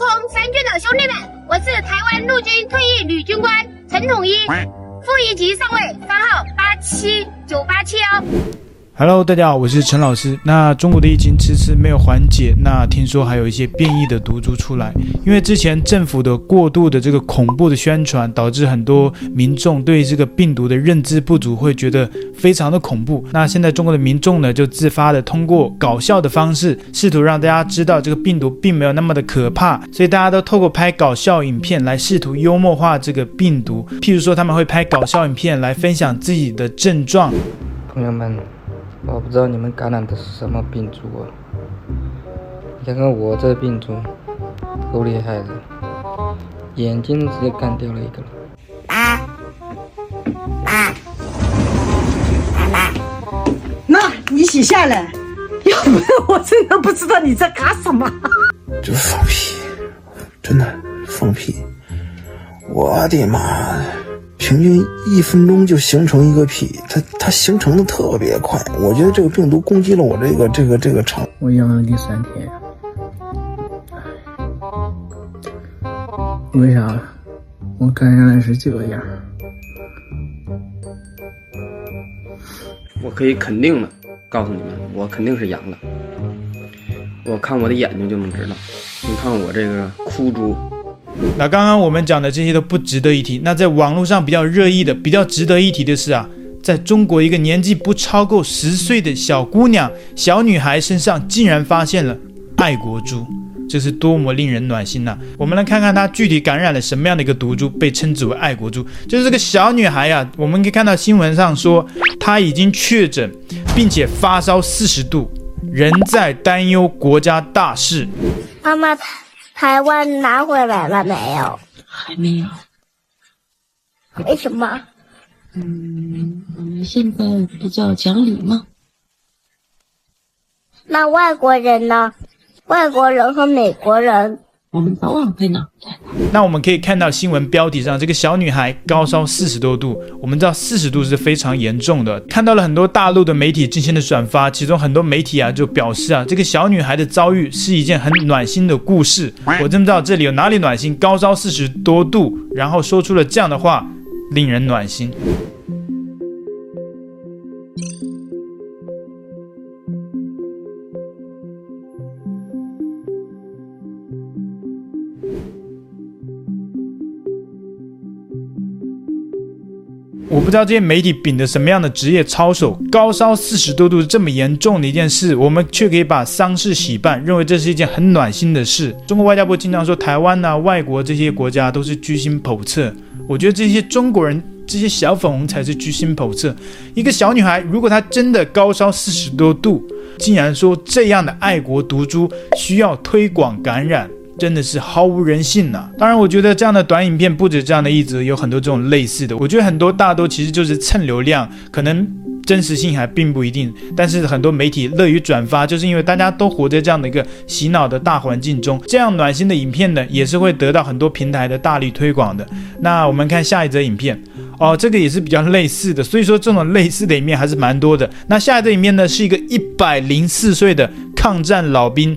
空三軍的兄弟們，我是台灣陸軍退役女軍官陳統一，副一級上尉，番號八七九八七幺。Hello，大家好，我是陳老師。那中國的疫情遲遲沒有緩解，那聽說還有一些變異的毒株出來。因為之前政府的過度的這個恐怖的宣傳，導致很多民眾對這個病毒的認知不足，會覺得非常的恐怖。那現在中國的民眾呢，就自發的通過搞笑的方式，試圖讓大家知道這個病毒並沒有那麼的可怕。所以大家都透過拍搞笑影片來試圖幽默化這個病毒。譬如說他們會拍搞笑影片來分享自己的症狀，朋友們。我不知道你們感染的是什麼病毒啊！你看看我這病毒，夠厲害的，眼睛直接幹掉了一個來。啊！媽！媽！你先下來，要不然我真的不知道你在幹什麼。就放屁，真的放屁！我的媽的！平均一分鐘就形成一個屁，它它形成的特別快。我覺得這個病毒攻擊了我這個這個這個腸。我陽了第三天，為啥？我感染是這個樣。我可以肯定的告訴你們，我肯定是陽了。我看我的眼睛就能知道，你看我這個哭珠。那剛剛我們講的這些都不值得一提。那在網絡上比較熱議的，比較值得一提的是啊，在中國一個年紀不超過十歲的小姑娘、小女孩身上竟然發現了愛國株，這是多麼令人暖心吶、啊！我們來看看她具體感染了什麼樣的一個毒株，被稱之為愛國株。就是這個小女孩呀、啊，我們可以看到新聞上說她已經確診，並且發燒四十度，仍在擔憂國家大事，媽媽。台灣拿回來了沒有？還沒有。為什麼？嗯，我們現在比較講理嘛？那外國人呢？外國人和美國人。我們早晚會腦殘。那我們可以看到新聞標題上，這個小女孩高燒四十多度。我們知道四十度是非常嚴重的。看到了很多大陸的媒體進行的轉發，其中很多媒體啊就表示啊，這個小女孩的遭遇是一件很暖心的故事。我真不知道這裡有哪裡暖心，高燒四十多度，然後說出了這樣的話，令人暖心。我不知道這些媒體秉著什麼樣的職業操守，高燒四十多度這麼嚴重的一件事，我們卻可以把喪事喜辦，認為這是一件很暖心的事。中國外交部經常說台灣吶、啊、外國這些國家都是居心叵測，我覺得這些中國人、這些小粉紅才是居心叵測。一個小女孩，如果她真的高燒四十多度，竟然說這樣的愛國毒株需要推廣感染。真的是毫無人性吶、啊！當然，我覺得這樣的短影片，不止這樣的一則，有很多這種類似的。我覺得很多大多其實就是蹭流量，可能真實性還並不一定。但是很多媒體樂於轉發，就是因為大家都活在這樣的一個洗腦的大環境中。這樣暖心的影片呢，也是會得到很多平台的大力推廣的。那我們看下一則影片哦，這個也是比較類似的。所以說，這種類似的影片還是蠻多的。那下一則影片呢，是一個一百零四歲的抗戰老兵。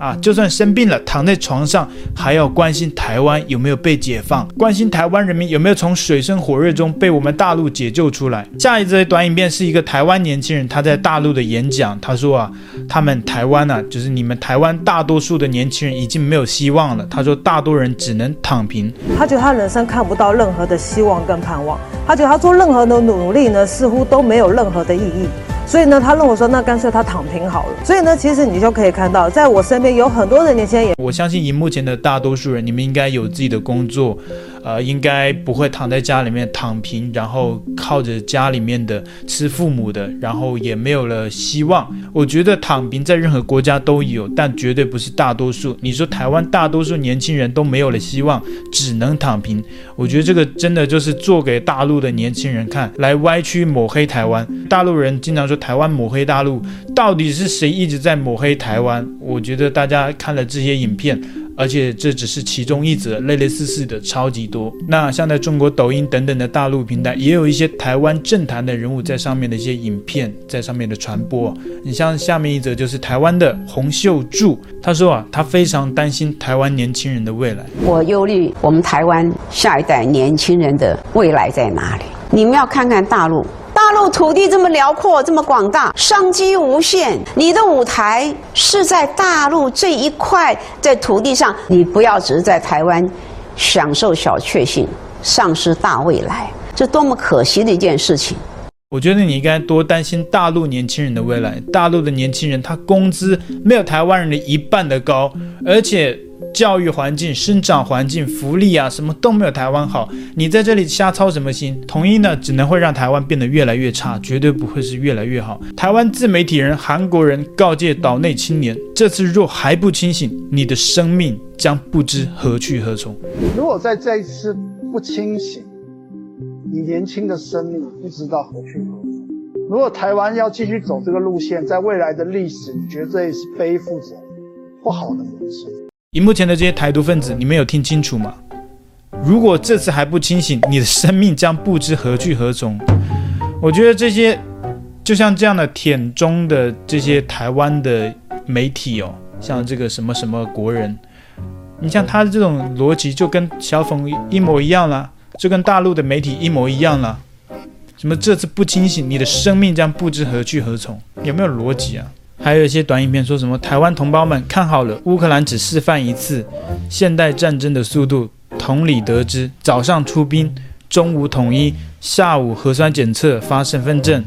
啊，就算生病了，躺在床上，還要關心台灣有沒有被解放，關心台灣人民有沒有從水深火熱中被我們大陸解救出來。下一則短影片是一個台灣年輕人，他在大陸的演講，他說啊，他們台灣呢、啊，就是你們台灣大多數的年輕人已經沒有希望了。他說，大多人只能躺平，他覺得他人生看不到任何的希望跟盼望，他覺得他做任何的努力呢，似乎都沒有任何的意義。所以呢，他跟我說，那乾脆他躺平好了。所以呢，其實你就可以看到，在我身邊有很多的年輕人。我相信，螢幕前的大多數人，你們應該有自己的工作，呃，應該不會躺在家裡面躺平，然後靠着家裡面的吃父母的，然後也沒有了希望。我覺得躺平在任何國家都有，但絕對不是大多數。你說台灣大多數年輕人都沒有了希望，只能躺平，我覺得這個真的就是做給大陸的年輕人看，來歪曲抹黑台灣。大陸人經常說。台灣抹黑大陸，到底是誰一直在抹黑台灣？我覺得大家看了這些影片，而且這只是其中一則，類類似似的超級多。那像在中國抖音等等的大陸平台，也有一些台灣政壇的人物在上面的一些影片在上面的傳播。你像下面一則，就是台灣的洪秀柱，他說啊，他非常擔心台灣年輕人的未來。我憂慮我們台灣下一代年輕人的未來在哪裡？你們要看看大陸。大陸土地這麼遼闊，這麼廣大，商機無限。你的舞台是在大陸這一塊，在土地上，你不要只是在台灣，享受小確幸，喪失大未來，這多麼可惜的一件事情。我覺得你應該多擔心大陸年輕人的未來。大陸的年輕人，他工資沒有台灣人的一半的高，而且。教育環境、生長環境、福利啊，什麼都沒有台灣好。你在這裡瞎操什麼心？統一呢，只能會讓台灣變得越來越差，絕對不會是越來越好。台灣自媒體人、韓國人告誡島內青年：這次若還不清醒，你的生命將不知何去何從。如果在這一次不清醒，你年輕的生命不知道何去何從。如果台灣要繼續走這個路線，在未來的歷史，你覺得這，絕對是背負着不好的名聲。熒幕前的這些台獨分子，你們有聽清楚嗎？如果這次還不清醒，你的生命將不知何去何從。我覺得這些就像這樣的舔中，的這些台灣的媒體哦，像這個什麼什麼國人，你像他這種邏輯就跟小粉紅一模一樣了，就跟大陸的媒體一模一樣了。什麼這次不清醒，你的生命將不知何去何從，有沒有邏輯啊？還有一些短影片說什麼台灣同胞們看好了，烏克蘭只示範一次現代戰爭的速度。同理得知，早上出兵，中午統一，下午核酸檢測發身份證，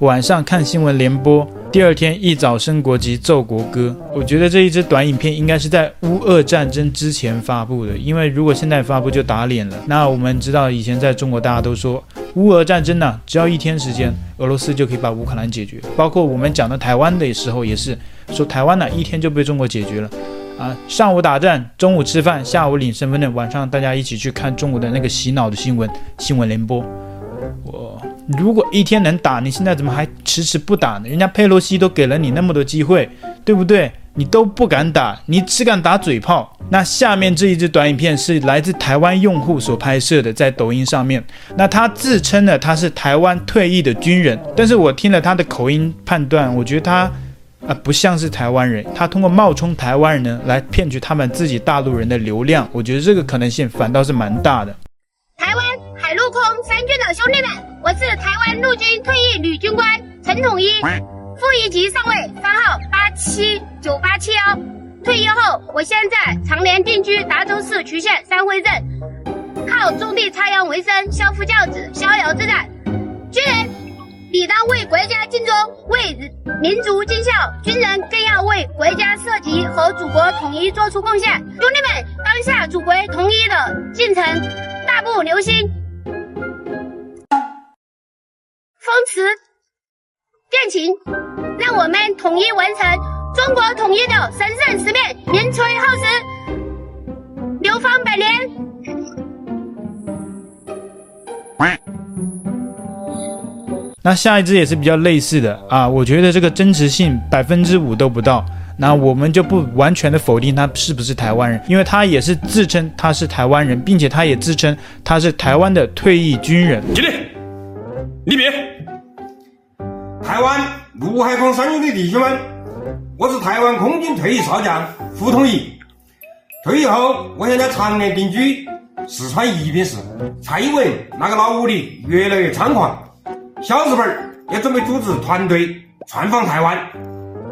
晚上看新聞聯播，第二天一早升國旗奏國歌。我覺得這一支短影片應該是在烏俄戰爭之前發布的，因為如果現在發布就打臉了。那我們知道以前在中國大家都說。烏俄戰爭呢，只要一天時間，俄羅斯就可以把烏克蘭解決。包括我們講到台灣的時候，也是說台灣呢，一天就被中國解決了。啊，上午打仗，中午吃飯，下午領身份證，晚上大家一起去看中國的那個洗腦的新聞新聞聯播。我、哦，如果一天能打，你現在怎麼還遲遲不打呢？人家佩洛西都給了你那麼多機會，對不對？你都不敢打，你只敢打嘴炮。那下面這一支短影片是來自台灣用戶所拍攝的，在抖音上面。那他自稱呢，他是台灣退役的軍人，但是我聽了他的口音判斷，我覺得他啊、呃、不像是台灣人。他通過冒充台灣人來騙取他們自己大陸人的流量，我覺得這個可能性反倒是蠻大的。台灣海陸空三軍的兄弟們，我是台灣陸軍退役女軍官陳統一。副一級上尉，番號八七九八七幺，退役後，我現在常年定居達州市渠縣三匯鎮，靠種地插秧為生，相夫教子，逍遙自在。軍人理當為國家盡忠，為民族盡孝，軍人更要為國家社稷和祖國統一做出貢獻。兄弟們，當下祖國統一的進程大步流星，風馳。電情，讓我們統一完成中國統一的神聖使命，名垂後世，流芳百年。呃、那下一支也是比較類似的啊，我覺得這個真實性百分之五都不到，那我們就不完全的否定他是不是台灣人，因為他也是自稱他是台灣人，並且他也自稱他是台灣的退役軍人。指令，立別。台灣陸海空三軍的弟兄們，我是台灣空軍退役少將胡通義。退役後，我現在常年定居四川宜賓市。蔡英文那個老五的越來越猖狂，小日本兒也準備組織團隊竄訪台灣，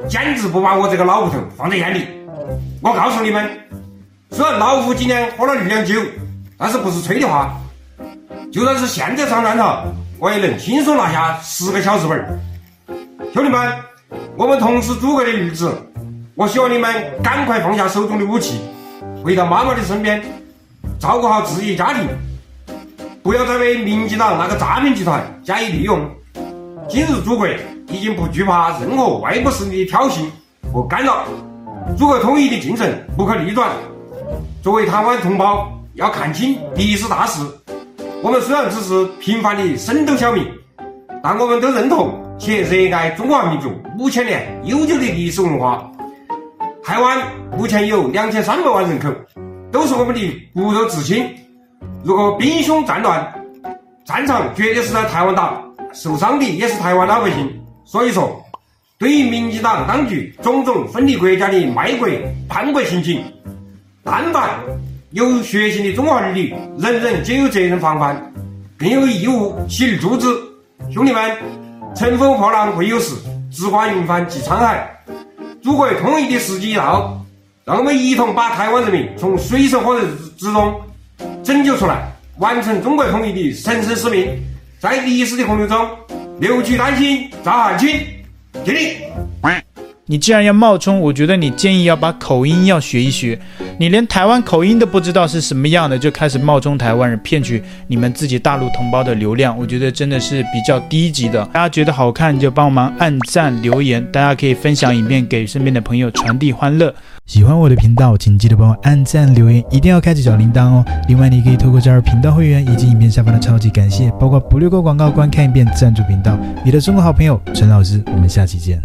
簡直不把我這個老骨頭放在眼裡。我告訴你們，雖然老夫今天喝了二兩酒，但是不是吹的話，就算是現在上戰場，我也能輕鬆拿下十個小日本兒。兄弟們，我們同是祖國的兒子，我希望你們趕快放下手中的武器，回到媽媽的身邊，照顧好自己家庭，不要再為民進黨那個詐騙集團加以利用。今日祖國已經不懼怕任何外部勢力的挑釁和干擾，祖國統一的進程不可逆轉。作為台灣同胞，要看清歷史大勢。我們雖然只是平凡的升斗小民，但我們都認同，且熱愛中華民族五千年悠久的歷史文化，台灣目前有兩千三百萬人口，都是我們的骨肉至親。如果兵凶戰亂，戰場絕對是在台灣島，受傷的也是台灣老百姓。所以說，對於民進黨當局種種分離國家的賣國叛國行徑，但凡有血性的中華兒女，人人皆有責任防範，更有義務起而誅之。兄弟們！乘風破浪會有時，直掛雲帆濟滄海。祖國統一的時機已到，讓我們一同把台灣人民從水深火熱之中拯救出來，完成中國統一的神聖使命。在歷史的洪流中，留取丹心照汗青。敬禮。你既然要冒充，我覺得你建議要把口音要學一學。你連台灣口音都不知道是什麼樣的，就開始冒充台灣人騙取你們自己大陸同胞的流量，我覺得真的是比較低級的。大家覺得好看就幫忙按贊留言，大家可以分享影片給身邊的朋友傳遞歡樂。喜歡我的頻道，請記得幫我按贊留言，一定要開啟小鈴鐺哦。另外，你可以透過加入頻道會員以及影片下方的超級感謝，包括不略過廣告觀看一遍贊助頻道。你的中國好朋友陳老師，我們下期見。